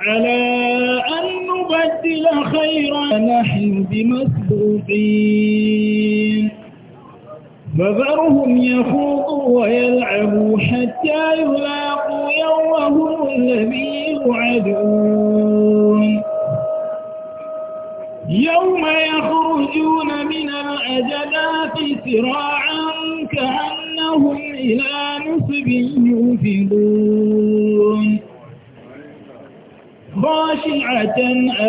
على أن نبدل خيرا نحن بمسبوقين فذرهم يخوضوا ويلعبوا حتى يلاقوا يومهم الذي يوعدون يوم يخرجون من الأجداث سراعا يوفلون خاشعة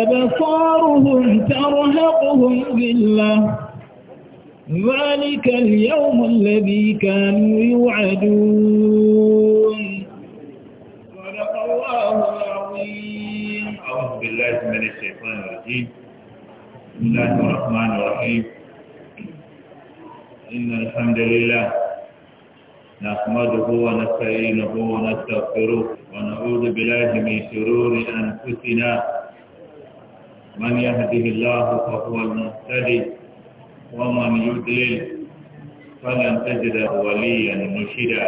أبصارهم ترهقهم ذلة ذلك اليوم الذي كانوا يوعدون صدق الله العظيم أعوذ بالله من الشيطان الرجيم بسم الله الرحمن الرحيم إن الحمد لله نحمده ونستعينه ونستغفره ونعوذ بالله من شرور أنفسنا من يهده الله فهو المهتدي ومن يضلل فلن تجد وليا مرشدا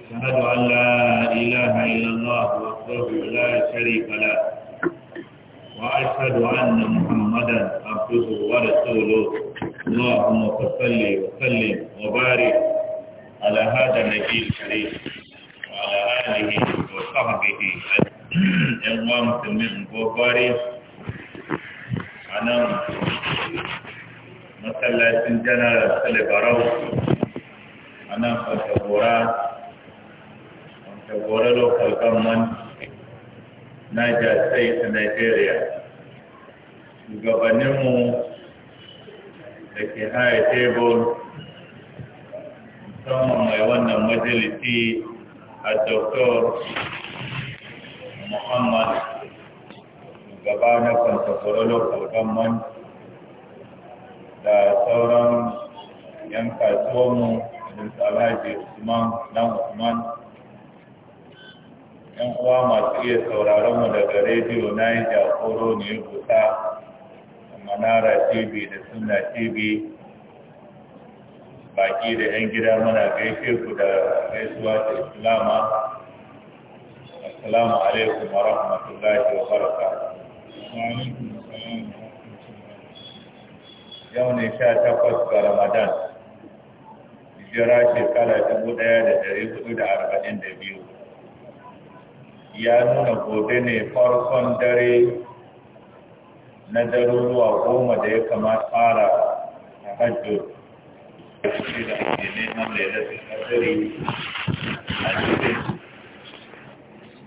أشهد أن لا إله إلا الله وحده لا شريك له وأشهد أن محمدا عبده ورسوله اللهم صل وسلم وبارك على هذا النبي الكريم وعلى آله وصحبه يلا مسلمين بوباري أنا مثلا سنجانا سلبارو أنا فتبورا فتبورا لو لوكال من ناجا سيس نيجيريا Shugabanninmu da ke haya tebur musamman mai wannan majalisi a doktor muhammad gaba na contemporary man da sauran yan kasuwanmu da tsalaji usman dan usman yan uwa masu iya sauraron mu daga rediyo na yi jakoro ne a manara tv da suna tv baki da 'yan gida muna gaishe ku da gaisuwa da islama assalamu alaikum wa rahmatullahi wa baraka yau ne sha takwas ga ramadan jira shekara dubu ɗaya da dari hudu da arba'in da biyu ya nuna gobe ne farkon dare na daruruwa goma da ya kamata fara a hajjo وشيل أجلين من ليلة القدر أجلين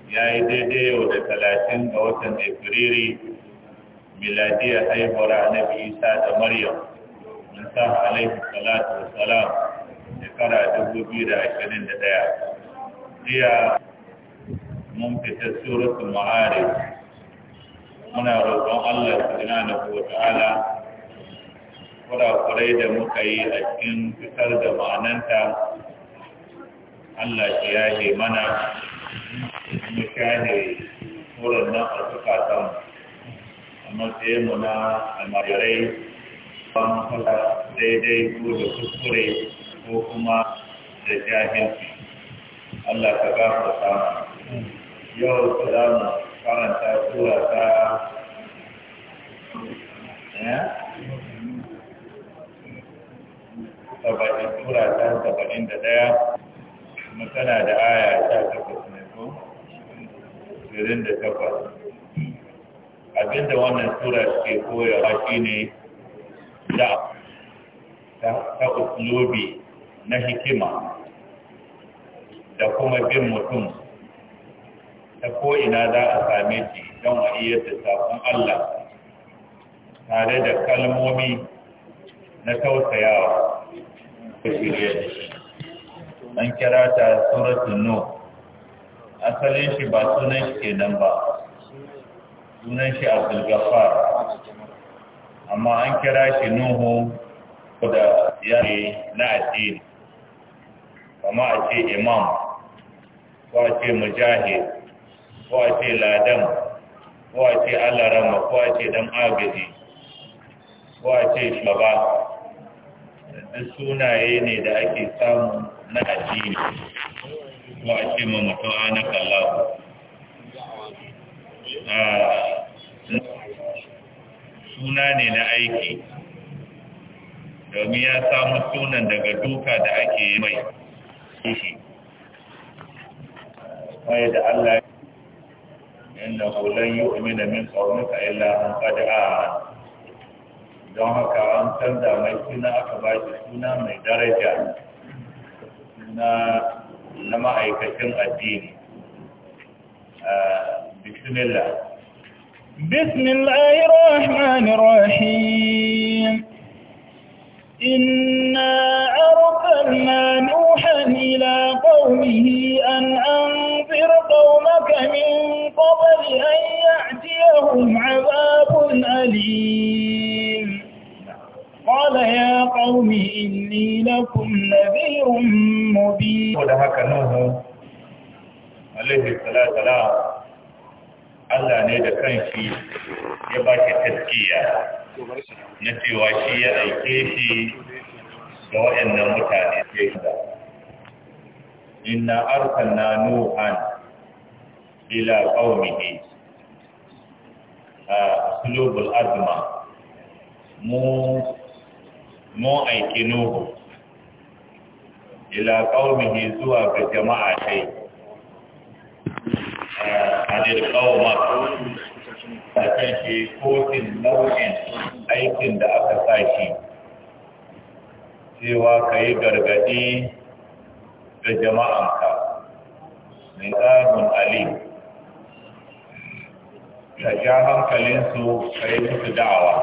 ya yi daidai da talatin ga watan Afriri miladiyar haihuwar annabi Isa da Maryam mun sa alaihi salatu wassalam shekara ɗaya. jiya mun fita suratul ma'arij muna roƙon Allah subhanahu wa ta'ala kurakurai da muka yi a cikin fitar da ma'ananta Allah shi yahe mana mu shahe wurin nan a zukatan amma sai mu na almajirai ban kula daidai ko da kuskure ko kuma da jahilci Allah ka gafarta yau za mu karanta tura ta eh? saba'in tura ta saba'in da ɗaya kuma tana da aya ta takwas ne ko shirin da takwas abinda wannan tura ke koyawa shi ne da ta uslubi na hikima da kuma bin mutum ta ko'ina za a same shi don a iya da safin Allah tare da kalmomi na tausayawa da shi an kira ta suratun no asalin shi ba sunan shi ke nan ba sunan shi abdulgafar amma an kira shi nuhu da yare na addini kama a ce imam ko a ce mujahid ko a ce ladan ko a ce alarama ko a ce dan agadi ko a ce shaba duk sunaye ne da ake samu na addini ko a ce ma mutum ana kallahu ah, suna ne na aiki domin ya samu sunan daga duka da ake yi mai shi mai da Allah yana hulon yi umina min ƙaunuka illa an ƙada a don haka an canza mai suna aka ba shi suna mai daraja suna na ma'aikacin addini bismillah بسم الله الرحمن الرحيم إنا أرسلنا نوحا إلى قومه أن أنذر قومك من قبل أن يأتيهم عذاب أليم Kọ́lá ya ƙaumi inni lakum nabirun mubi. Wadda haka nan hau, Alayhi salatala, Allah ne da kanshi ya baki ke taskiya na cewa shi ya aike shi ga waɗannan mutane ke shiga. Inna arkan na Nuhan ila ƙaumi ne. A ah, Global Azma, mu mu aiki nuhu ila qaumihi zuwa ga jama'a tai eh, adil qauma a kan shi kotun nau'in aikin da aka sa shi cewa ka yi gargadi ga jama'anka mai tsarin alim ka ja hankalinsu ka yi musu da'awa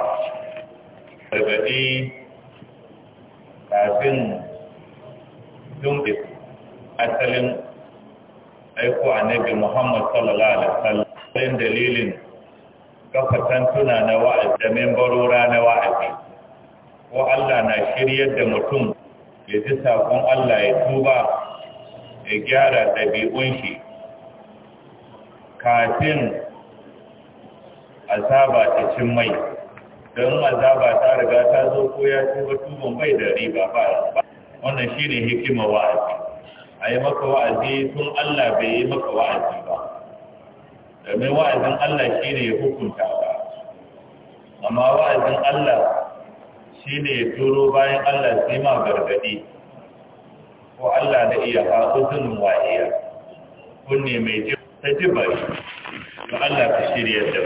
gargadi kafin dumbe asalin aiko annabi Muhammad sallallahu alaihi wasallam dalilin kafatan tuna na wa'azi da membarora na wa'azi ko Allah na shiryar da mutum ya ji sakon Allah ya tuba ya gyara ɗabi'un shi kafin azaba ta cin mai don azaba ta riga ta zo ko ya tuba tuban bai da riba ba wannan shi ne hikima wa'azi a yi maka wa'azi tun Allah bai yi maka wa'azi ba domin wa'azin Allah shine ya hukunta ba amma wa'azin Allah shine ya turo bayan Allah sai ma gargadi ko Allah na iya haƙusun wa'iya kunne mai ta ji bari ga Allah ka shirya da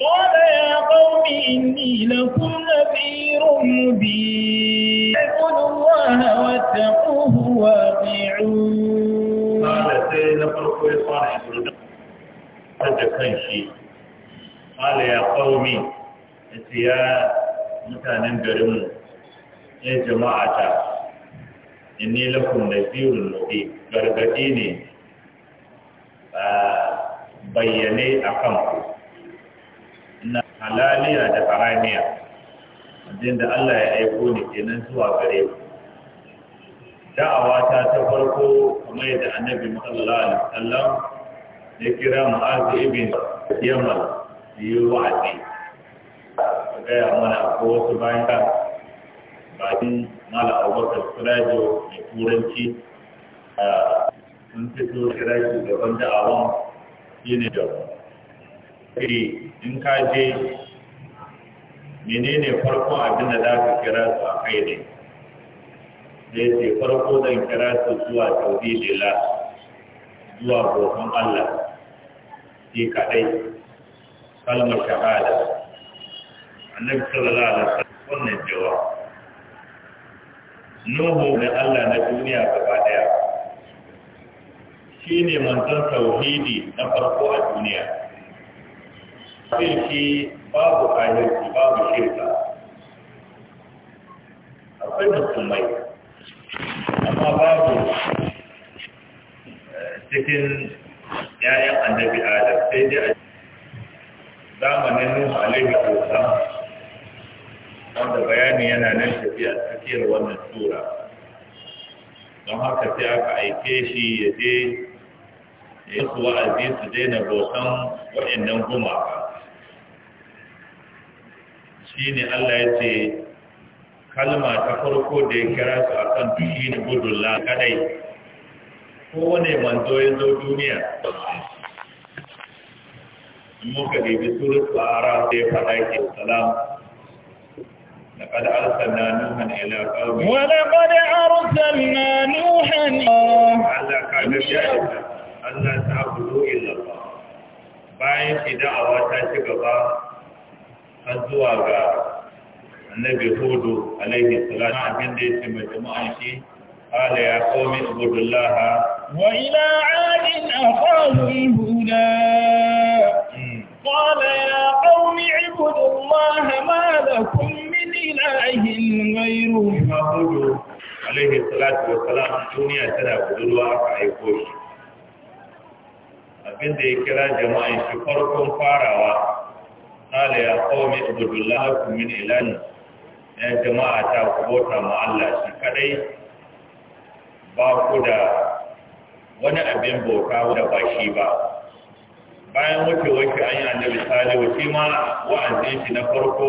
قال يا قوم إني لكم نذير مبين اعبدوا الله واتقوه واطيعون قال زين فرقوا لصالح حج كان شيء قال يا قوم انت يا مثلا نجرم يا جماعة إني لكم نذير مبين قال بديني آه، بيني أقامكم halaliya da haramiya abin da Allah ya aiko ni kenan zuwa gare ku da'awa ta ta farko kuma yadda annabi sallallahu alaihi wasallam ya kira mu'azu ibn yamal yi wa'azi gaya mana ko wasu bayan din mala abubakar kurajo mai turanci ah, sun fito kira da da'awan shi ne da iri in ka je menene farko abin da za ka kira su a kai ne da ce farko zan kira su zuwa tauhidila zuwa bautan Allah shi kaɗai kalmar shahada annabi sallallahu alaihi wasallam wannan jawa nuhu da Allah na duniya gaba daya shine manzon tauhidi na farko a duniya cin shi babu adalci babu shirka akwai musulmai amma babu eh, cikin ‘ya'yan annabi adam sai dai a zamanin nuhu alaihi wasallam wanda bayani yana nan tafiya tsakiyar wannan tura don haka sai aka aike shi ya je ya su wa'azi su daina bautan waɗannan gumaka Shi ne Allah ya ce kalma ta farko da ya kira su a kan gudun budullah kadai kowane manzo ya zo duniya muka bibi surat a araf da ya fada ke salam لقد kada نوحا إلى قومه ولقد أرسلنا نوحا Allah ta abu تعبدوا إلا ba. bayan shi da'awa ta ci gaba har zuwa ga annabi hudu alaihi salatu abin da yake mai jama'an shi قال يا قوم اعبدوا الله وإلى عاد أخاهم هدى قال يا قوم اعبدوا الله ما لكم من إله غيره محمود عليه الصلاة والسلام الدنيا تنا بدلوا أفعيكوش abin da ya kira jama'in shi farkon farawa قال يا قوم اعبدوا الله من إلان يا جماعة تابوتا مع الله سكري باكودا وانا ابن بوكاودا باشيبا bayan wace wace an yi annabi sale shi ma wa'azin na farko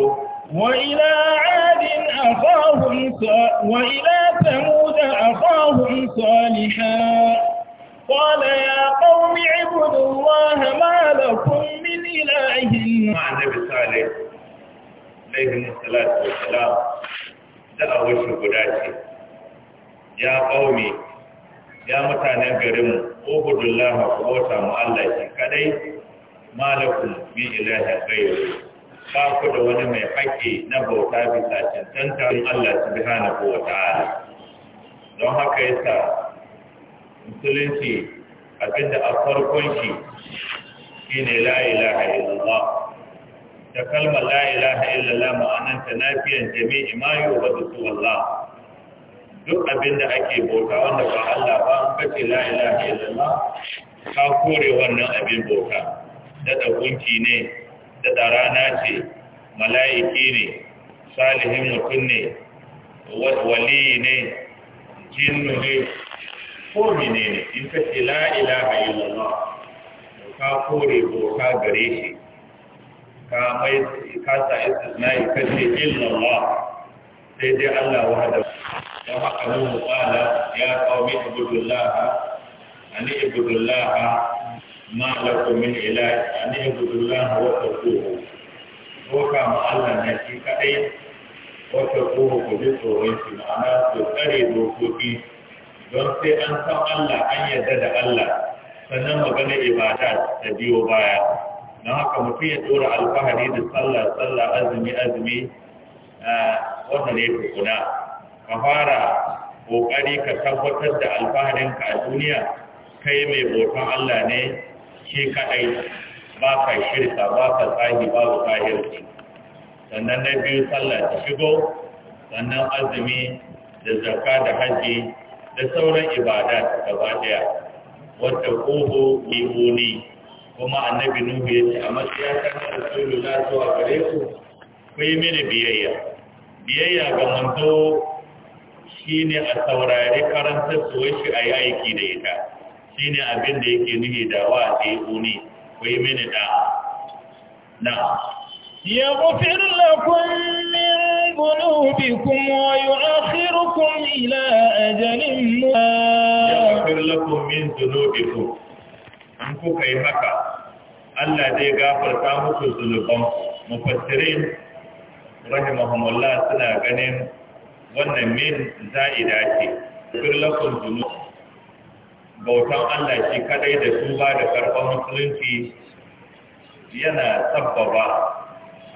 wa ila adin akhahum wa ila thamud akhahum قال يا قوم اعبدوا الله ما لكم من إله مع النبي صالح عليه الصلاة والسلام دعوة شهداتي يا قومي يا متانا قرم اعبدوا الله وقوتا مؤلتي كدي ما لكم من إله غيره ba ku da wani mai haƙƙi na bauta bisa cancantar Allah subhanahu wa ta'ala don haka yasa musulunci abinda a farkon shi shine la ilaha illallah ta kalma la ilaha illallah ma'ananta na nafiyan jami'i ma yu'badu Allah duk abinda ake bota, wanda ba Allah ba an kace la ilaha illallah ka kore wannan abin bota, da gunki ne da rana ce mala'iki ne salihin mutum ne wali ne jinnu ne ko menene in ka ce la ilaha illallah ka kore ka gare shi ka mai ka sa istisnai ka ce illallah sai dai Allah wahda wa haka mu qala ya qaumi ibudullah ani ibudullah ma lakum min ilahi ani ibudullah wa taquhu boka ma Allah ne shi kadai wa taquhu ku ji tsoron shi ma'ana ku tsare dokoki don sai an san Allah an yarda da Allah sannan magana ibada da biyo baya don haka mutum ya dora alfahari da sallah sallah azumi azumi wannan ne kuna. ka fara kokari ka tabbatar da alfaharin ka a duniya kai mai bautan Allah ne shi kadai ba ka shirka ba ka tsahi babu tsahirci sannan na biyu sallah ta shigo sannan azumi da zakka da hajji da sauran ibada gaba daya wata ƙoho limoni kuma annabi nuhu ya ce a matsayakar rasulu na zuwa gare ku ku yi mini biyayya biyayya ga manzo shi ne a saurari karantar suwar shi a yi aiki da ita shi ne abin da yake nuhi da wa limoni ku yi mini da na يغفر min من wa yu'akhirukum ila أجل ما يغفر لكم من ذنوبكم أن كوكي هكا الله دي غافر تامك ذنوبكم مفسرين رحمهم الله suna ganin wannan min za'ida ce fir lakum dhunub bautan Allah shi kadai da tuba da karban musulunci yana sabbaba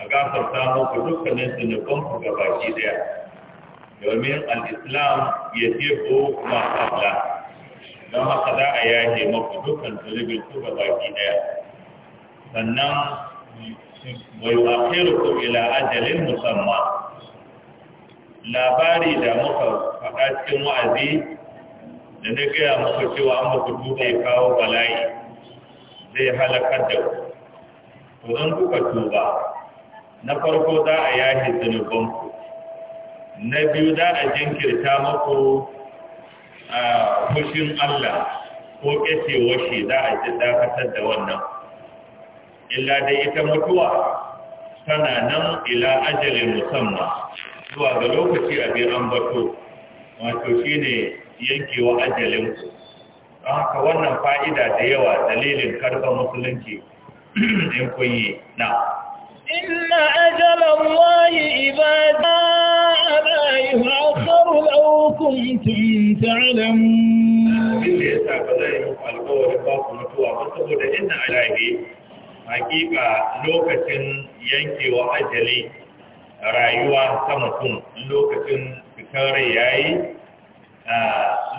a gafarta muku dukkanin zunubanku gabaki daya domin al'islam ya ce teko masu abla don haka za a yaje maku dukkan zulubin ku ga baki daya sannan mai wakilu ku ila ajalin musamman labari da muka faɗa cikin wa'azi da na gaya muku cewa an muku duba kawo bala'i zai halakar da ku to zan kuka tuba na farko za a yaje zunubanku na biyu za a jinkirta mako a fushin Allah ko ƙasewar shi za a ji dakatar da wannan illa da ita mutuwa tana nan ila ajalin musamman zuwa ga lokaci abin ambato wato shi ne yankewa ajalin ku haka wannan fa'ida da yawa dalilin karfa musulunci in kun yi na inna ajalan wahi ibada لا يؤخر لو كنتم تعلمون hakika lokacin yankewa ajali rayuwa ta mutum lokacin yayi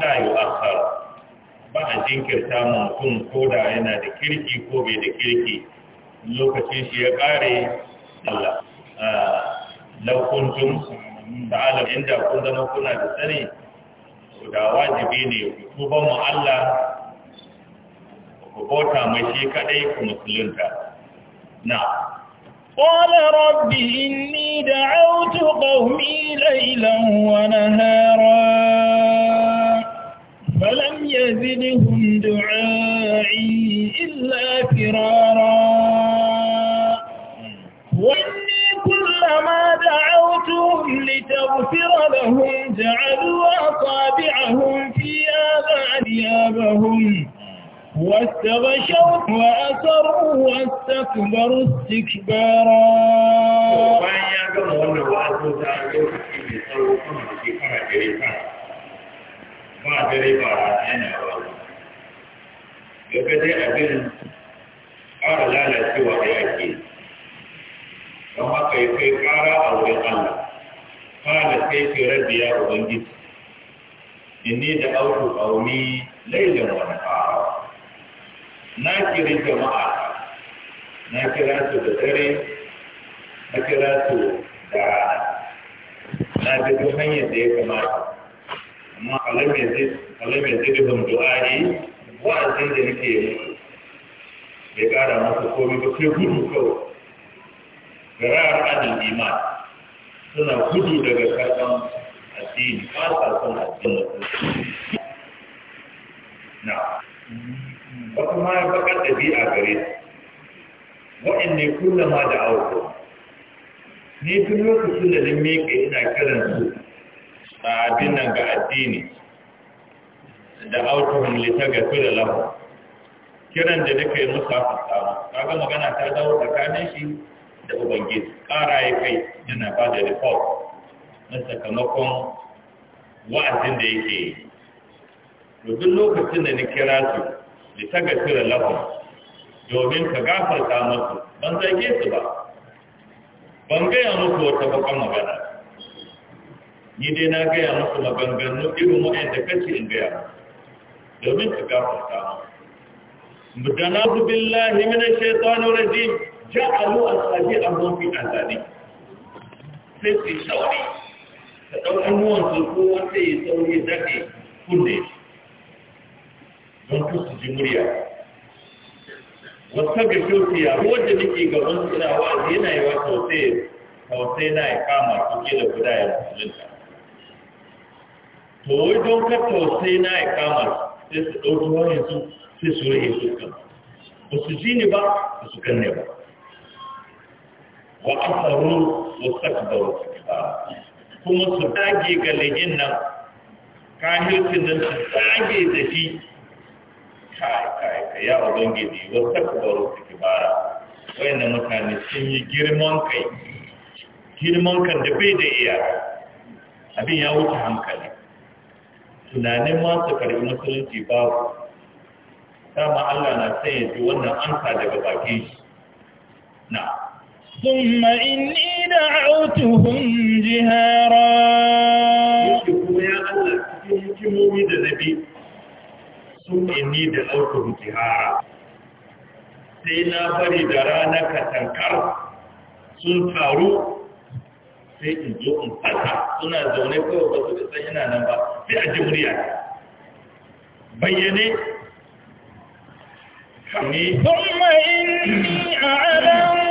la ba a jinkirta mutum ko da yana da kirki ko bai da kirki lokacin shi ya kare Allah ta'ala inda kun zama kuna da sani da wajibi ne ku bota mu Allah ku mai shi kadai ku musulunta na قال رب إني دعوت قومي ليلا ونهارا فلم يزدهم دعائي illa firara. لتغفر لهم جعلوا أصابعهم في آبانيابهم واستغشوا وأسروا واستكبروا استكبارا ما ما kala sai ce rabbi ya ubangiji inni da auku auni lailan wa nahara na kiri jama'a na kira su da dare na kira su da rana na duk hanyar da ya kamata amma alam ya zai bin du'a'i wa'azin da nake yi bai kara masa komai ba sai gudu kawai garar adal iman suna gudu daga kasan addini ba sa son addini na wasu ma ya bakar ɗabi'a gare su wa'in ne kullama da auku ni tun lokacin da nan miƙe ina kiran su a addinan ga addini da autohun litagafi da lahu kiran da nake musa Ta ga magana ta dawo tsakanin shi da ubangiji kara ya kai yana ba da report na sakamakon wa'azin da yake yi duk lokacin da ni kira su da ta gafira lahun domin ka gafarta masu ban zage su ba ban gaya musu wata bakan magana ni dai na gaya musu maganganu irin da kace in gaya domin ka gafarta musu mudana billahi mina shaitanu rajim ja'alu al-sabi'ahum fi azani sai sai sauri da ɗaukan nuwansu ko wanda ya sauri daɗe kunne don su ji murya wata ga shoki ya wadda nake gaban suna wa'azi yana yi wa sosai sosai na ya kama su da guda ya musulunta to wai don ka sosai na ya kama sai su ɗauki wani su sai su rage su kan ba su ji ni ba ba su ganne ba wa asaru mustakbaru kuma su dage ga legin nan kahircin nan su dage da shi kai kai kai ya ubangiji wa takbaru kibara wayannan mutane sun yi girman kai girman kan da bai da iya abin ya wuce hankali tunanin ma su karbi musulunci babu dama Allah na sanya fi wannan ansa daga bakin shi na ثم إني دعوتهم جهارا ثم إني دعوتهم جهارا sai na bari da rana katankar sun taru sai in zo in fata suna zaune kawai ba da san yana nan ba sai a ji murya bayyane ثم إني أعلم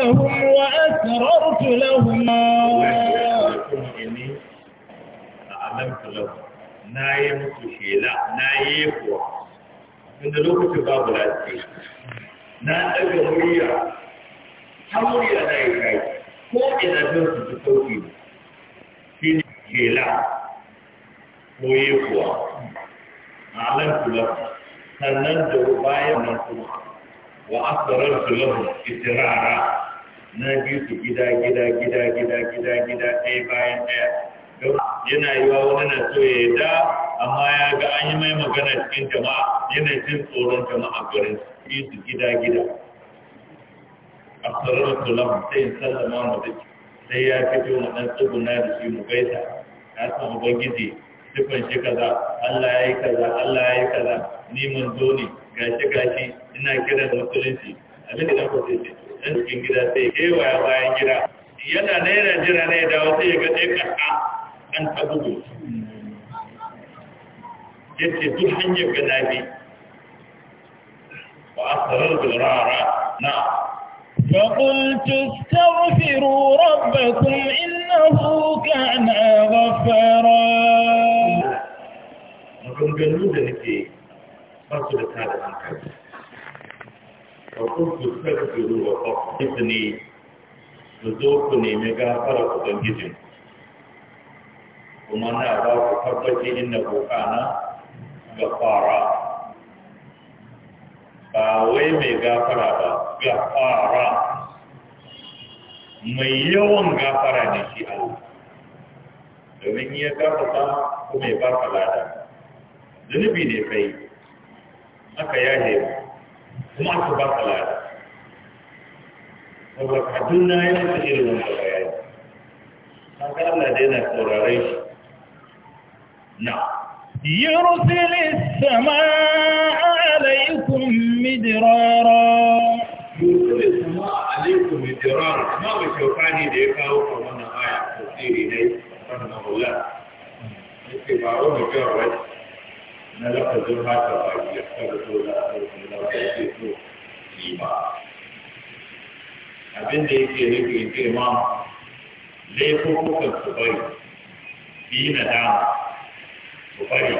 لهم وأسررت لهم أعلمت لهم نايم تشيلا نايف من لوك تباب العزيز نا أجهوية حولي أنا إليك كو إذا جنت تتوكي ويقوى أعلمت لهم سننجر بايا من وأصررت لهم إسرارا na bi su gida gida gida gida gida gida ɗaya bayan ɗaya yana yi wa wani na so ya da amma ya ga an yi mai magana cikin jama'a yana cin tsoron jama'a garin su bi su gida gida a tsarar tulam sai in sallama mu da sai ya fito mu ɗan tsuguna da shi mu gaisa ya san ubangiji sifan shi kaza Allah ya yi kaza Allah ya yi kaza ni mun zo ne gashi gashi ina kiran musulunci abin da na kwace ce da cikin gida sai kewaya bayan gida yana naira jira ne da wasu ya ga ɗaya ƙasa an ta gudu ya ce duk hanyar ga nabi wa asarar durara na فقلت استغفروا ربكم إنه كان غفارا مغنغنو da nake ba su da tada hankali hukum suka fi ruwa kwakwakwakwa ne su zo ku nemi gafara kudin gijin kuma na ba ku tabbaci inda koka na gafara ba wai mai gafara ba gafara mai yawan gafara ne shi alu domin ya gafata kuma ya ba kalada zunubi ne kai aka yaye mu ماكو بطل هو حدنا يمتجر من الخيال فقال لدينا قراريش نعم يرسل السماء عليكم مدرارا يرسل السماء عليكم مدرارا ما هو شوفاني ديكا وقمنا آية تصير إليه فقال الله لا اتباعوني كرويش na lafazin haka ba ya kada so da aka yi na wata yake so yi ba abin da yake nufi ce ma laifukan su bari yi na dama su bari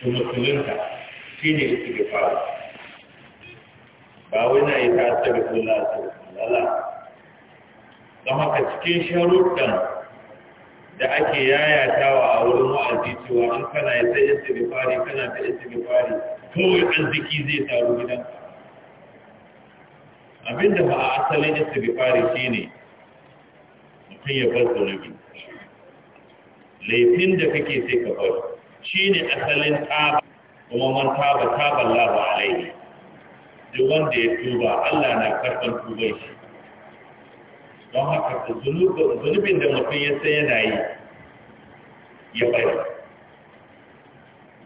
su musulunta shi ne su ke faru ba wani na yi ta sabi kula su lala don haka cikin sharuɗan da ake yayatawa a wurin wa'azi cewa an kana ya sai istighfari kana da istighfari kawai arziki zai taru gidan abinda ba a asalin istighfari shine mutum ya bar zunubi laifin da kake sai ka bar shine asalin taba kuma man taba taba lafa alaihi duk wanda ya tuba Allah na karɓar tubar shi don haka zunubin da mutum ya sai yana yi ya bai.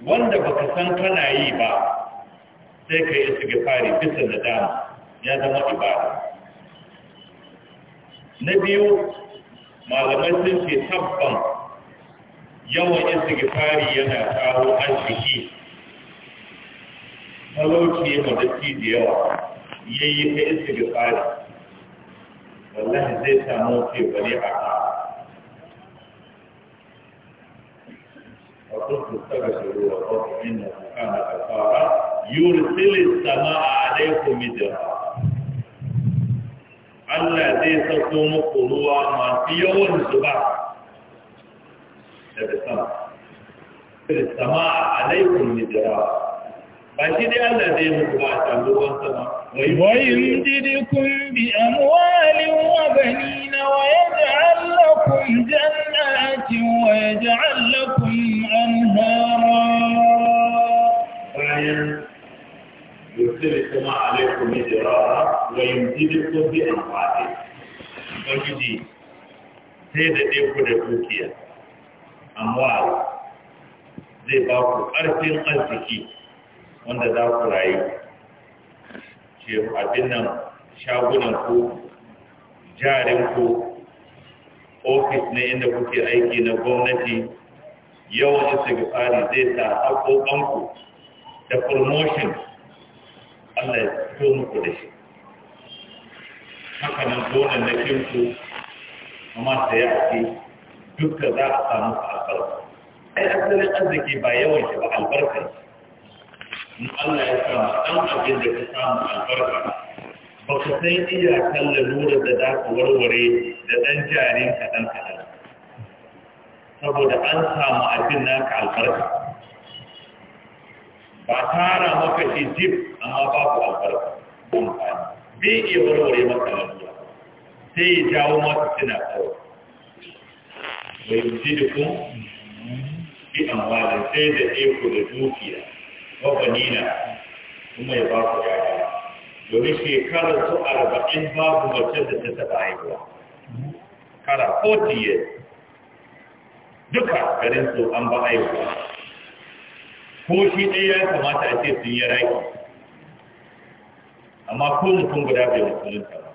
wanda baka san kana yi ba sai ka yi fari bisa da dama ya zama ibada na biyu malamai sun ce tabban yawan fari yana kawo arziki talauci ya da ci da yawa yayi ka fari wallahi zai samu ce bari a ka وكنت استبشر وقلت انه كان كفارا يرسل السماء عليكم مدرارا Allah zai sauko muku ruwa masu yawan zuba daga sama. Sama alaikun nijira ويمددكم بأموال وبنين ويجعل لكم جنات ويجعل لكم أنهارا يرسلكم عليكم إجرارا ويمددكم بأموالكم ويجي سيدة ديكو دكوكيا أموال زي باكو أرسل أرسكي wanda za ku rayu ce abin nan shagunan ku jarin ku ofis ne inda kuke aiki na gwamnati yawan tsari zai sa ku da promotion Allah ya fito muku da shi haka nan zonan na kinku amma da ya ake duka za a samu a ƙarfi ai asalin arziki ba yawan shi ba albarkar in Allah ya sa ɗan abin da ka samu albarka ba ku san kalla lura da za warware da ɗan jarin kaɗan kaɗan saboda an samu abin naka albarka ba tara maka shi jif amma ku albarka bai iya warware maka lalura sai ya jawo maka suna kawai bai yi jirgin bi amfani sai da eku da dukiya wabanina kuma ya ba ku yaya domin shekarar su arba'in babu mace da ta taba haihuwa kara 40 years duka garin su an ba haihuwa ko shi ɗaya ya kamata a ce sun yi raki amma ko mutum guda bai musulunta ba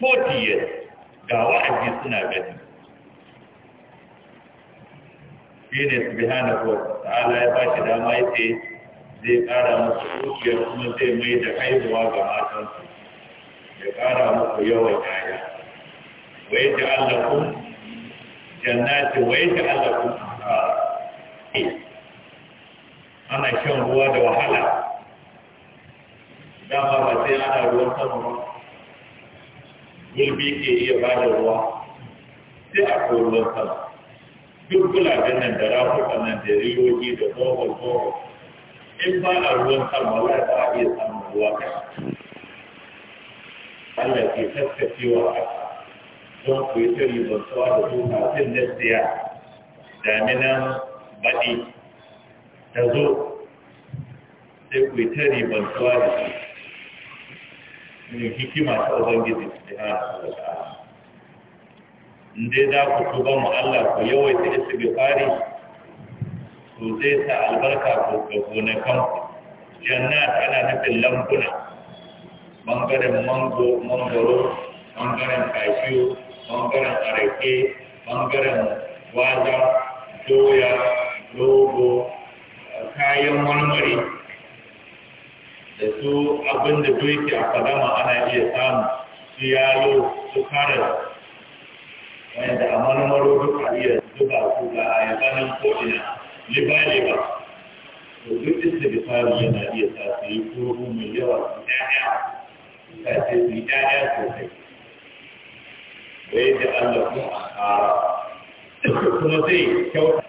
40 years ga wa'azi suna gani shi ne hana ko ta'ala ya ba shi dama ce zai kara musu dukiya kuma zai mai da haihuwa ga matansu ya kara musu yawan yaya wai ta allafu jannati wai ta a ana shan ruwa da wahala dama ba sai ana ruwan sama ba gulbi ke iya ba da ruwa sai a ruwan sama duk gulaben nan da rafuka nan da riyoyi da tsohon-tsohon in ba a ruwan sama wala ba a iya samun ruwa kashi Allah ke tattacewa a don ku yi ta ribantuwa da su kafin na siya daminan baɗi ta zo sai ku yi ta ribantuwa da su ne hikima ta ubangiji da ya in za ku tuba mu Allah ku yawaita istighfari to zai sa albarka ku ga kanku ku tana nufin lambuna ɓangaren mangoro bangaren kashiyo bangaren arake ɓangaren waza doya rogo kayan marmari da su abinda doki a fadama ana iya samu su yalo su karar wanda a marmaro duka iya zuba su ga ayyabanan ko'ina liba-liba to duk istighfari yana iya sa su yi koro mai yawa su ɗaya sa ce su yi ɗaya sosai bai da Allah ko a ƙara kuma zai kyauta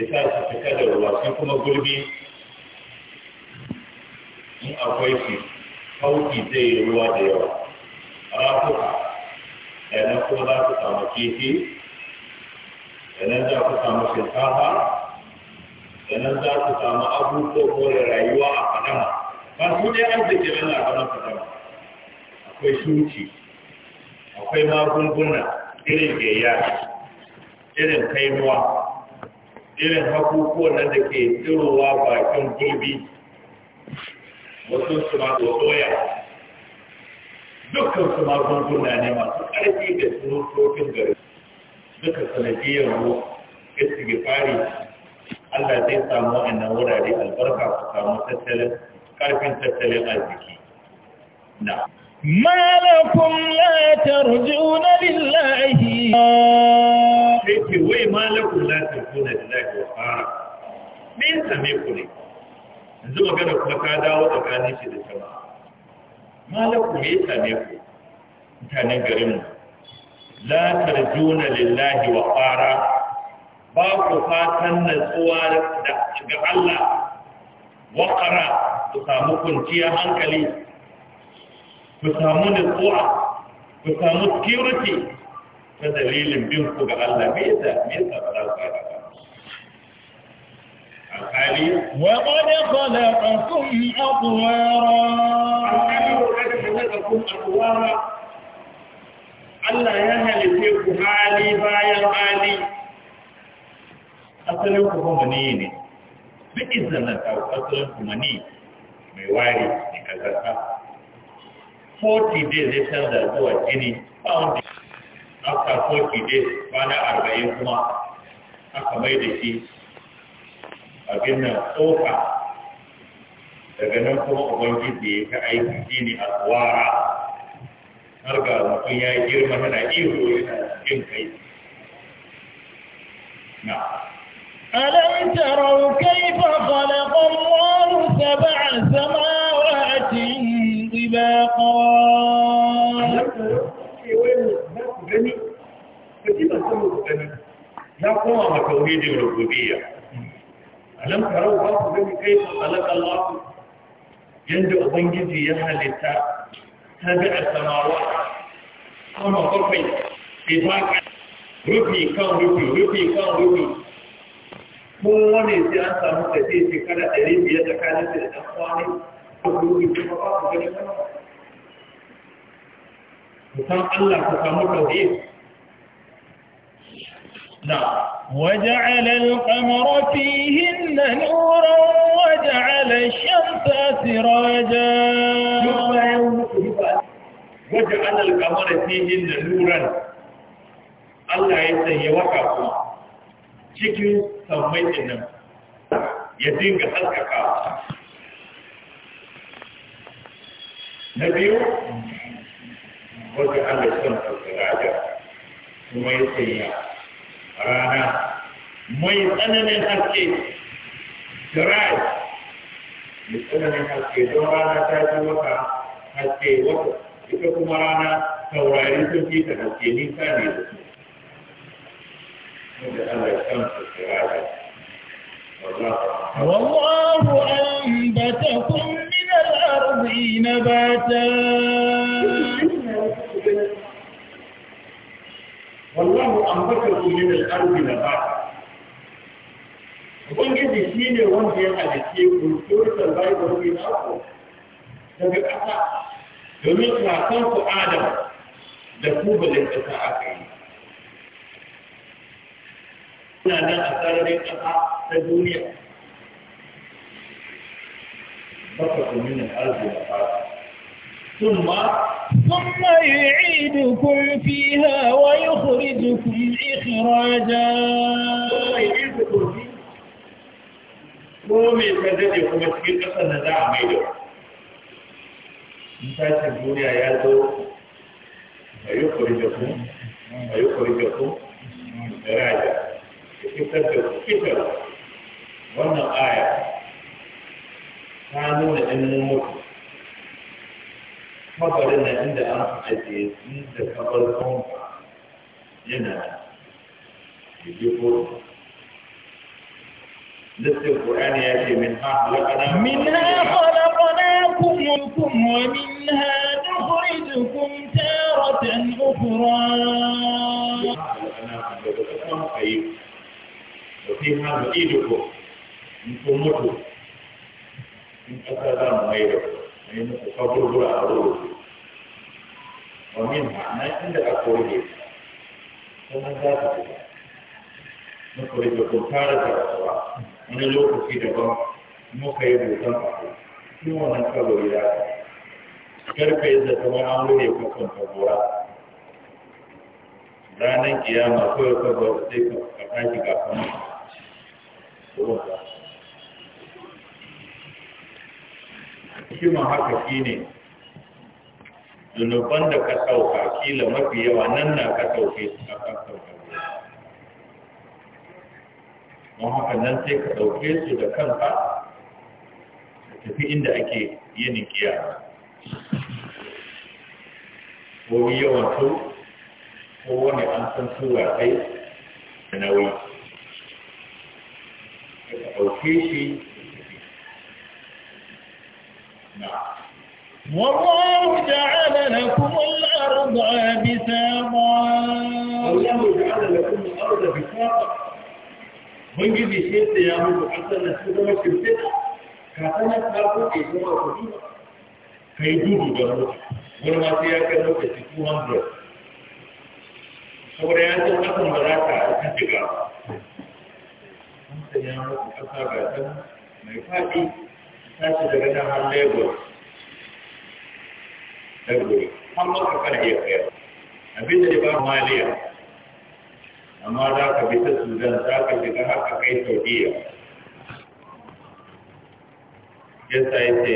ya sa su fita da ruwa sai kuma gurbi in akwai shi kauki zai yi ruwa da yawa A rafuka kenan ko za ku samu kifi kenan za ku samu shinkafa kenan za ku samu abubuwa ko da rayuwa a fadama ba su ne an arziki yana ganin fadama akwai shuci akwai magunguna irin gaya irin kaimuwa irin hakukuwa nan da ke tsirowa bakin gurbi wasu su ma soya dukkan su magunguna ne masu ƙarfi da sunofofin gari duka sanadiyar ruwa fari. Allah zai samu wa'annan wurare albarka su samu tattalin ƙarfin tattalin arziki na ما لكم لا ترجون لله وي ما لكم لا ترجون لله وقارا same ku ne yanzu magana kuma ta dawo tsakanin shi da jama'a malaku me ya same ku mutanen garinmu, za ta tarjuna lillahi wa qara ba ku fatan natsuwa da ga Allah waƙara ku samu kunciya hankali ku samu natsuwa ku samu security ta dalilin bin ku ga Allah me yasa mai yasa ba عليم وقد خلقكم أطوارا Allah ya halice ku hali bayan hali ne mai wari ne kazarka 40 days ya canza zuwa jini ba after kwana arba'in kuma aka mai da shi abin nan tsoka daga nan kuma ubangiji da ya ta aiki shi ne a tsawara har ga mutum ya girma yana iyo yana jin kai na ألم تروا كيف خلق الله سبع سماوات طباقا ya koma maka wujudin rububiyya alam karau ba ku gani kai ku talaka Allah yanda ubangiji ya halitta ta bi a samawa sama bakwai sai ba ka rufi kan rufi rufi kan rufi kowane sai an samu tafiye shekara ɗari biyar tsakanin da ɗan kwani ko rufi kuma ba ku gani kuma. Musan Allah ku samu tauhid وجعل القمر فيهن نورا وجعل الشمس سراجا وجعل القمر فيهن نورا الله يسهي وقفه شكو سميتنا يدين بحلقك نبي وجعل الشمس سراجا ثم يسهي rana mai tsananin haske dry mai tsananin haske don rana ta fi wata haske wata ita kuma rana taurari sun fi ta haske nisa ne da su والله أنبتكم من الأرض نباتا wallahu ambatakum min al-ardi nabata ubangiji ne wanda ya halice ku turtar bai ku ne ku daga ƙasa domin kakan ku adam da ku da ƙasa aka yi ina nan a sararin ƙasa ta duniya baka ku min al-ardi ma. ثم ثم za a mai da in tashin duniya ya zo a yi kuri da ku a yi kuri da ku da raja da fitar da fitar wannan aya ta nuna in mun mutu kabarin na inda an ajiye inda kabar kuma yana da ko لسي القرآن يأتي منها خلقنا منها خلقناكم لكم ومنها نخرجكم تارة أخرى وفيها نعيدكم إنكم متوا إن أسادا غيركم أي متفضل ولا أروح ومنها ما عند أخرجكم فمن ذاك muka tara da rasuwa wani lokaci daban muka yi hoton abu shi wannan kalo ya karfe ya zata wani an wuri ka kan kagora ranar kiyama ko ya kagora sai ka shi ga kuma hikiman haka shi ne zunuban da ka sauka kila mafi yawa nan na ka sauke a kan sauka don haka nan sai ka ɗauke su da kanka ka tafi inda ake yin kiyama ko yawan su ko wani an san suwa kai da nauyi ka ɗauke shi na والله جعل لكم الأرض بساطا والله جعل لكم الأرض بساطا ubangiji sai da ya mutu kasar da su zama firfita ka sanar ta kuɗe zama kuɗi ka yi dudu da mutu wani ma sai ya kai lokaci 200 saboda ya ce kasan ba za ka kan shiga ba ya mutu kasa ga can mai faɗi tashi daga nan har lagos lagos har maka kan iya kayar abinda da ba maliya amma za ka bi ta sudan za ka shiga haka kai saudiya yasa ya ce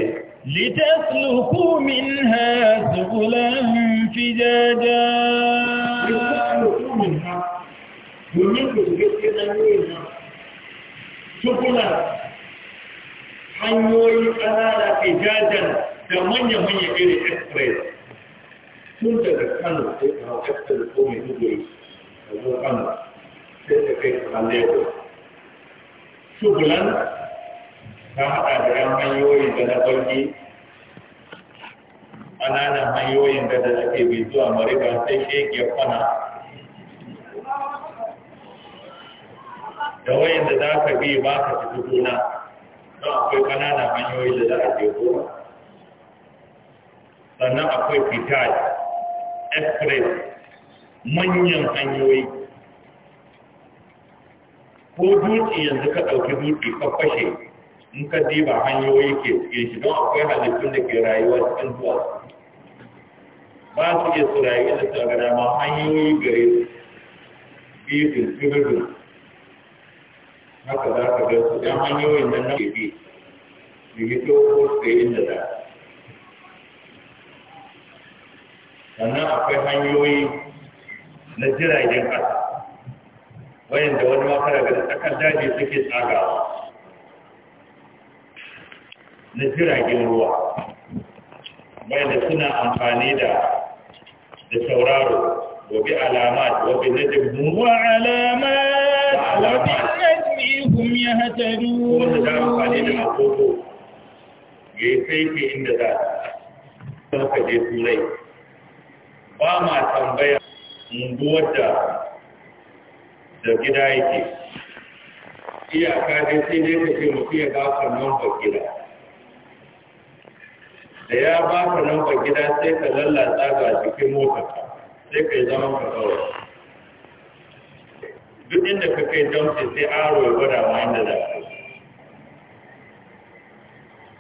litasluku minha subulan fijaja domin ku shiga cikin hanyoyin sukuna hanyoyi ƙanana fijajan da manya-manya irin express tun daga kano sai kawo express ko mai hujjoyi alaikum shugulan ta haɗa da yan hanyoyin da na farki ƙananan hanyoyin da da ake bi zuwa marika sai shege kwana da wayan da za ka bi ba ka fito gona don akwai ƙananan hanyoyi da za a je gona sannan akwai fitar express manyan hanyoyi ko dutse yanzu ka ɗauki dutse ka fashe in ka diba hanyoyi ke cikin shi don akwai halittun da ke rayuwa cikin zuwa ba su iya su rayu da su gada ma hanyoyi gare su bifin tsibirin haka za ka ga su ɗan hanyoyin nan na ke bi su yi to ko su yi inda za sannan akwai hanyoyi na jiragen ƙasa wayan da wani makara ga tsakar daji suke tsagawa na jiragen ruwa wayan da suna amfani da da sauraro wabi alamat wabi najmu wa alamat wabi najmi hum yahtadun wanda da amfani da ya yi saifi inda za ta ka je turai ba ma tambaya unguwar da da gida yake iyaka dai sai dai ka ce mutu ya ba ka lambar gida da ya ba ka lambar gida sai ka lallata ga jikin motar sai ka yi zaman ka kawai duk inda ka kai damce sai aro ya gwada ma inda za ka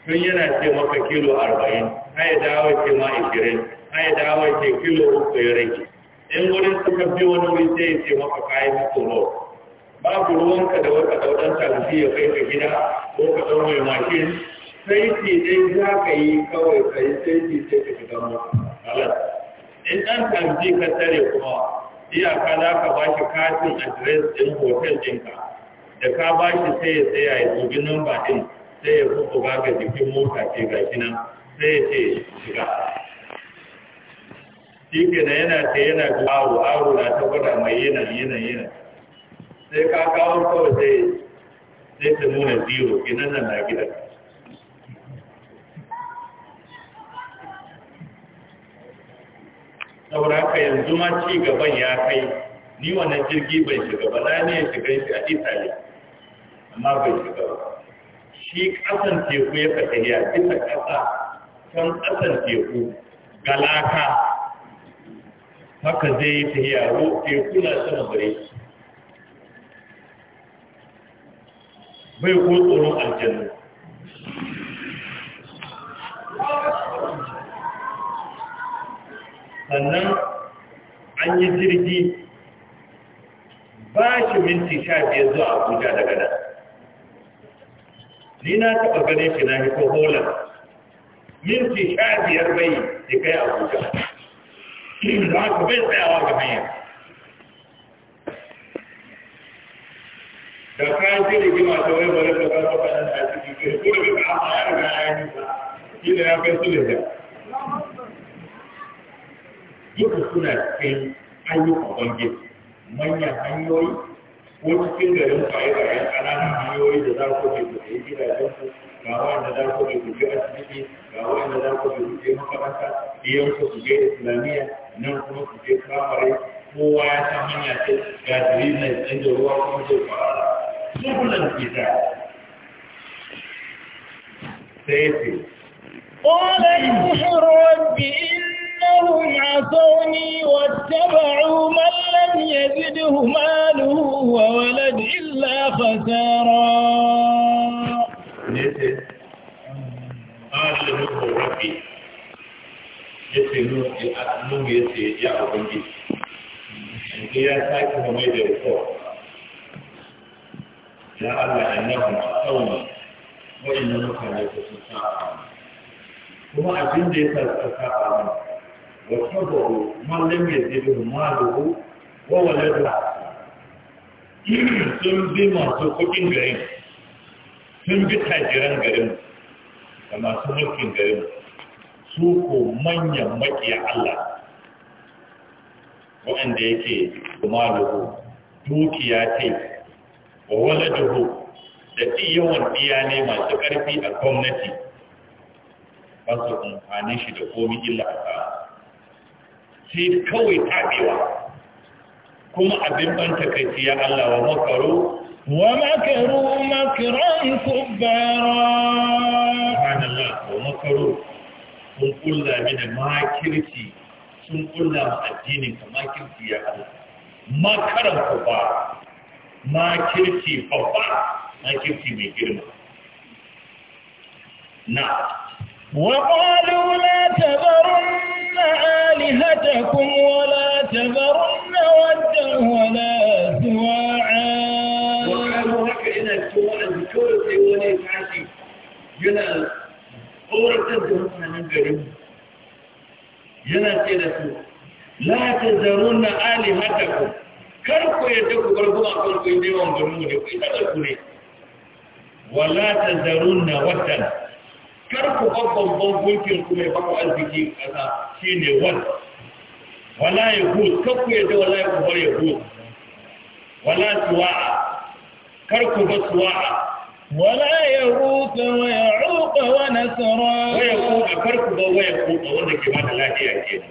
tun yana ce maka kilo arba'in har ya dawo ce ma ishirin har ya dawo ce kilo uku ya rage in wurin suka fi wani wuri sai ya ce maka kayan tsoro ku ruwanka da wata ɗauɗan talibi ya kai ka gida ko ka ɗau mai mashin sai ce dai za ka yi kawai ka yi sai ce sai ka shiga malar in ɗan talibi ka tare kuma iyaka za ka ba shi katin adres ɗin hotel ɗinka da ka ba shi sai ya tsaya ya dubi namba ɗin sai ya kuka ga jikin mota ce ga shi nan sai ya ce shiga shi ke da yana ta yana awo awo na ta gwada mai yana yana yana sai ka kawo kawai sai sai ta nuna zero ina nan na gida saboda haka yanzu ma ci gaban ya kai ni wannan jirgi bai shiga ba na ne shiga shi a italy amma bai shiga ba shi kasan teku ya fata ya bisa kasa can kasan teku galaka haka zai yi ta yaro kula sama gare shi bai ko tsoron aljanna sannan an yi jirgi ba shi minti sha biyar zuwa abuja daga nan ni na taɓa ganin shi na hito hola minti sha biyar bai da kai abuja da haka bai tsayawa ga hanya da kayan ce da ta wai bari da kan kafanin da ciki ke ko da ka amma ya riga ya yi shi da ya kai su da duka suna cikin ayyukan bangin manyan hanyoyi ko cikin garin kwaye da yan ƙananan hanyoyi da za ku ke ku yi gidajen ku ga wanda za ku ke ku je asibiti ga wanda za ku ke ku je makaranta biyan ku su je islamiyya nan kuma su je firamare kowa ya san hanya ce ga dalilin canza ruwa kuma zai fara sunan kita sai ce قال انحر رب إنهم عصوني واتبعوا من لم يزده ماله وولد إلا خسارا قال انحر ربي ya ce nunu ya ce ya ubangi yanzu ya sake mu mai da rikon ya Allah annahum tsawon wa'annan mutane ko sun sa'a kuma abin da ya sa suka sa'a mana wa sababu man lam yazidu maluhu wa waladu sun bi masu kuɗin garin sun bi tajiran garin da masu mulkin garin su ko manyan maƙiya Allah waɗanda yake maluhu dukiya ce wa waladuhu da yawan ɗiya ne masu ƙarfi a gwamnati ba su amfani shi da komi illa a ta. sai kawai taɓewa kuma abin ban takaici ya Allah wa makaro wa makaro makaran kubbara wa makaro sun kulla mini makirci sun kulla ma addinin ka makirci ya Allah makaran ku ba makirci babba makirci mai girma na وقالوا لا تذرن آلهتكم ولا تذرن ودا ولا سواعا وقالوا هكا إذا سواء ذكرت وليس عشي yana tsoratar da mutanen garin yana ce da su la ta zaro na ali haka ku kar ku yadda ku bar kuma kan ku yi yawan garin mu ku ita da ku ne wala ta zaro na watan kar ku babban bankin ku ya baku arziki kasa ne wal wala ya hud kar ku yadda wala ya kubar ya hud wala suwa'a kar ku bar suwa'a ولا يغوث ويعوق ونسرا ويقوم فرق ويقوم ونك ما لا هي كده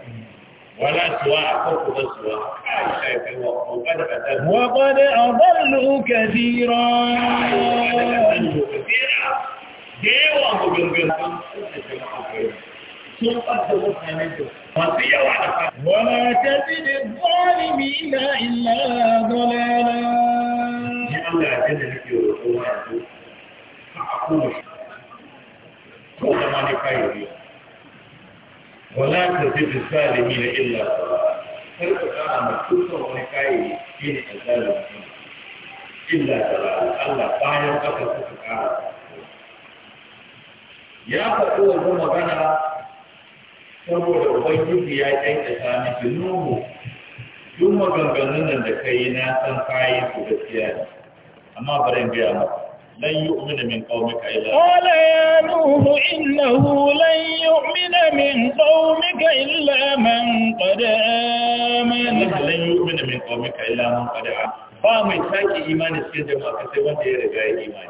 ولا سواء فرق سواء آه، وقد أضل كثيرا آه، وما مبنغن تزد الظالمين إلا ضلالا kúrò tó wọ́n máa ní káyọ̀ rí wọ́n láti ṣe ti sáàlì ní tó ní káyọ̀ rí kí ni Allah bayan aka ya faɗi wannan magana saboda ubangiji ya kyankasa miki nomo duk nan da kai na san kayi su gaskiya ne amma bari biya maka لن يؤمن من قومك إلا قال يا نوح إنه لن يؤمن من قومك إلا من قد آمن لن يؤمن من قومك إلا من قد آمن فهم تاكي إيمان السيد جماعة سيوان دي إيمان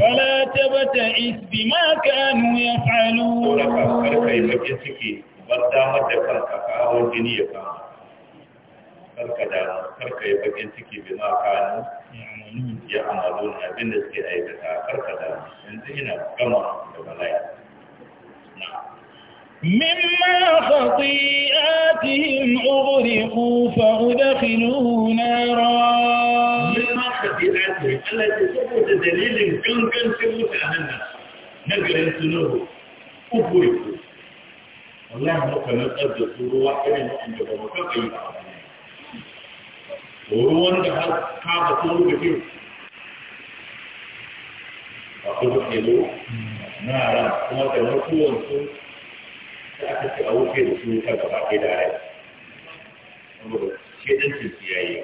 فلا تبتئس بما كانوا يفعلون ولك أفكارك يبقى سكي بردامة كنك كاول جنية كاما karka da karka kanu مما خطيئاتهم أغرقوا فأدخلوا نارا مما خطيئاتهم التي سقط دليل كان كان سبوت أهنا نقل سنوه أغرقوا والله نقل نقل سورة واحدة ruwan da har ka ba sun rubuce ba ko ke zo na ran kuma da mutuwan su da aka ce a wuce da su ta gaba ke da rai saboda shedan ciki ya yi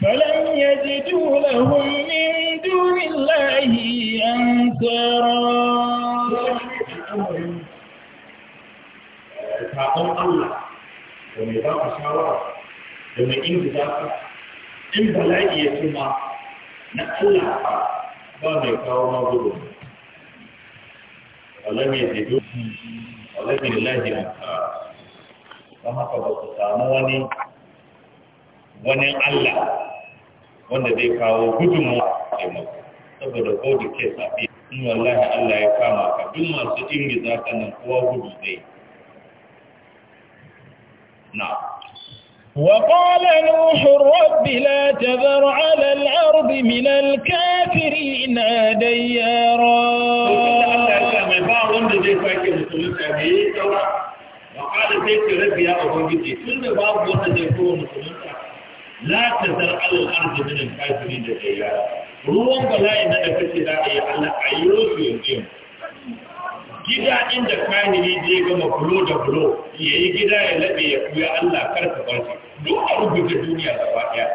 فلم يجدوا لهم من دون الله أنصارا. الله da mai ba ka shawara da mai inda ka in bala'i ya ma. na Allah ba mai kawo ma gudu ne zai zidu walam ne lahi na ta haka ba ku samu wani wani Allah wanda zai kawo gudunmawa a taimako saboda ko da ke sabi in wallahi Allah ya kama ka duk masu ingiza ka nan kowa gudu zai نعم وقال نوح رب لا تذر على الأرض من الكافرين ديارا وقال سيك رب يا أبوكي كل باب وانا يكون لا تذر على الأرض من الكافرين ديارا روان بلاي من الكافرين ديارا على أيوك يوم gida inda kayan kahiri zai gama bulo da bulo ya yi gida ya laɓe ya kuya Allah karka barci duk a rubuta duniya gaba ɗaya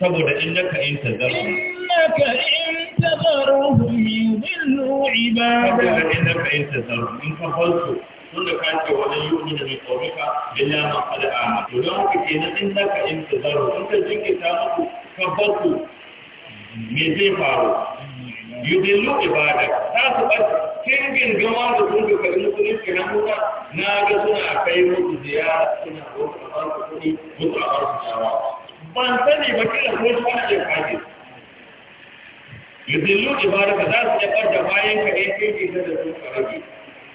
saboda in naka in tazaru innaka in tazaruhum yudillu ibada saboda in naka in tazaru in ka falso tun da kan ce wani yuɗu da mai tsorika da lama al'ama to don haka ke nan in naka in tazaru in ka ta muku ka falso me zai faru yudillu ibada za su ɓarci kingin gama da sun doka da musulunci na muna na ga suna kai musu ziyara suna roƙa ba su kuɗi musu a ba su shawa ban sani ba kila ko su ana yin kaji yudillu ibaraka za su yakar da bayan ka ɗaya ke ta da sun karage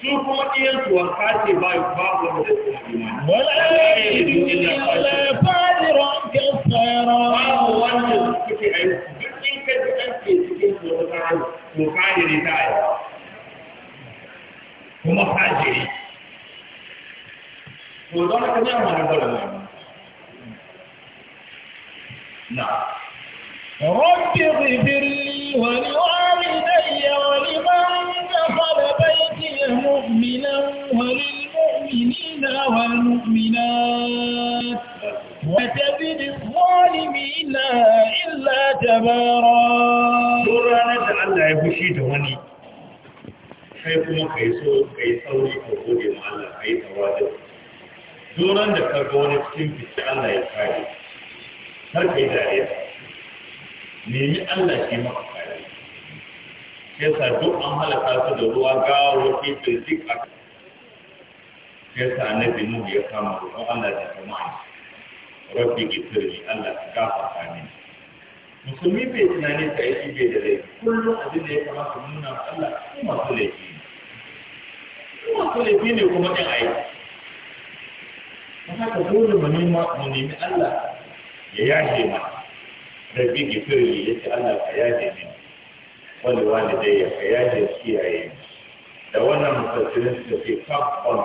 su kuma ɗiyan su wanka ce ba babu wanda su na imani wala yajidu illa fadiran kasara babu wanda suke aiki duk in ka ji an ce cikin su wata kare ko kare ne ta aiki kuma fajiri to don haka ne رب اغفر لي ولوالدي ولمن دخل بيتي مؤمنا وللمؤمنين والمؤمنات وتزد الظالمين إلا تبارا سورة نزل الله يبشيد وني kai kuma ka yi so ka yi sauri ko gode ma Allah ka yi tawadu doron da ka ga wani cikin fice Allah ya kare har kai yi dariya nemi Allah shi maka kare sai sa duk an halaka su da ruwa gawo ke firzik a sai sa na binu ya kama ko Allah da jama'a rabbi gifirni Allah ka gafarta kame. musulmi bai tunani ka yi bai da laifi kullum abin da ya kamata nuna Allah ko masu laifi masu laifi ne kuma ɗin a yi ta haka dole mu nemi Allah ya yaje ma rabbi gifirli ya ce Allah ka yaje ne wani wani dai ya ka yaje kiyaye da wannan mutattunin da ke kafin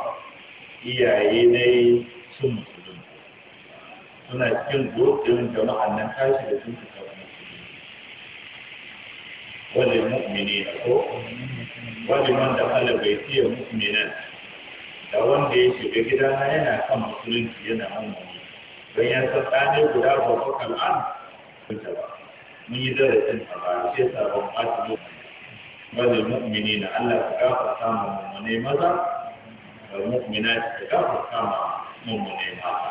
iyaye na yi sun musulun suna cikin gudun jama'an nan tashi da sun fi وللمؤمنين ولمن دخل بيتي مؤمنا da wanda ya shiga gidana yana kan musulunci yana mummuni don ya san ɗane guda ba ko kal'an ta ba mun yi darasin a baya sai sabon asibi wani mu'mini na Allah ka gafarta mu mummune maza da mu'mina ka gafarta mu mummune mata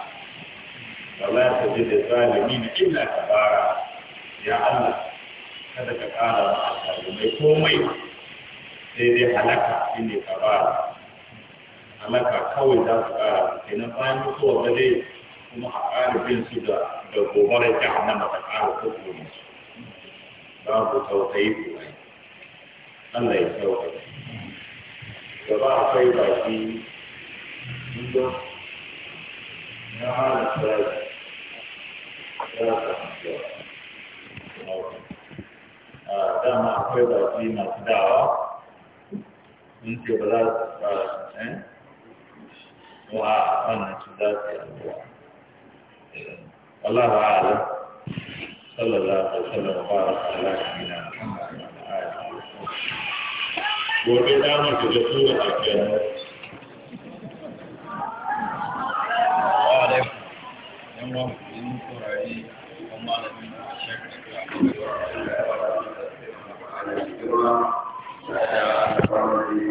wala ta ji da zalimi na illa kabara ya Allah kada ka kara mai komai sai dai halaka shi ne ka ba halaka kawai za su kara sai na bayan ba dai kuma a ƙara bin su da da gobarar jahannama ta ƙara kokorin su tausayi kuwa Allah ya sauka gaba akwai baki inda na hana tsari ya kasance dama akwai baki masu dawa mun ce ba za su eh wa wannan su za su yi Allah wa ala sallallahu alaihi wasallam wa baraka ala sayyidina Muhammad wa ala alihi wa sahbihi gobe dama ku ga tura a kan Thank kuma da